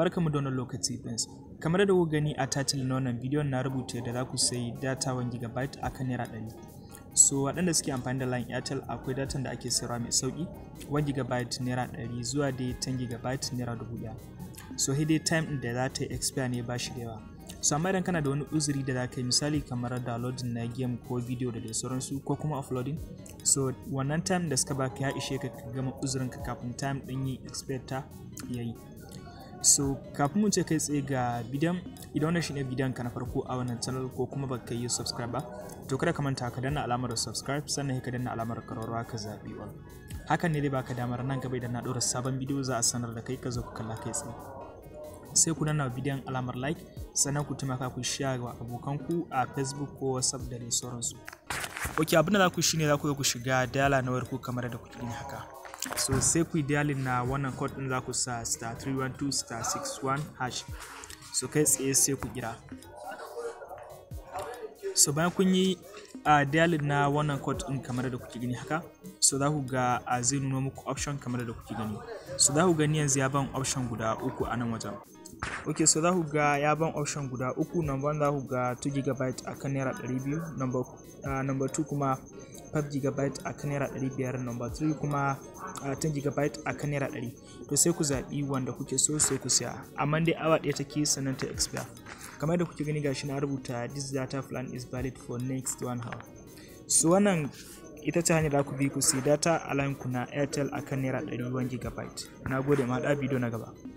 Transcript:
barkamu da wannan lokaci friends kamar da ku gani a title na wannan bidiyon na rubuta da za ku sayi data 1 gigabyte kan naira 100 so waɗanda suke amfani da line airtel akwai datan da ake sayarwa mai sauki 1 gigabyte naira 100 zuwa dai 10 gigabyte naira 1000 so dai time da za ta expire ne ba shi da yawa so amma idan kana da wani uzuri da za ka yi misali kamar downloading na game ko video da dai sauransu ko kuma uploading so wannan time da suka baka ya ishe ka gama uzurinka kafin time ɗin yi expire ta yayi so kafin mu ce kai tsaye ga bidan idan wannan shine bidan ka na farko a wannan channel ko kuma baka yi subscribe ba to kada ka manta ka danna alamar subscribe sannan ka danna alamar karwarwa ka zabi wa hakan ne dai baka damar nan gaba idan na dora sabon bidiyo za a sanar da kai ka zo ka kalla kai tsaye sai ku danna bidiyon alamar like sannan ku taimaka ku share wa abokanku a facebook ko whatsapp da dai sauransu ok abin da za ku shine za ku ku shiga dala na wayar ku kamar da ne haka so sai ku dialin na wannan code din za ku sa star 312 star 61 hash so kai tsaye sai ku kira so bayan kun yi a dialin na wannan code din kamar da kuke gani haka so za ku ga a zai nuna muku option kamar da kuke gani so za ku gani yanzu ya ban option guda uku a nan wajen ok so za ku ga ya ban option guda uku number za ku ga 2 gb a kan naira 200 number, uh, number 2 kuma 5 GB a kan naira 500 number 3 kuma uh, 10 GB a kan naira 100 to sai ku zaɓi wanda kuke so sai ku siya amma dai awa ɗaya take sannan ta expire kamar da kuke gani gashi na rubuta this data plan is valid for next one hour so wannan ita ta hanyar da ku bi ku siya data a ku na airtel akan naira 100 GB na gode ma da bidiyo na gaba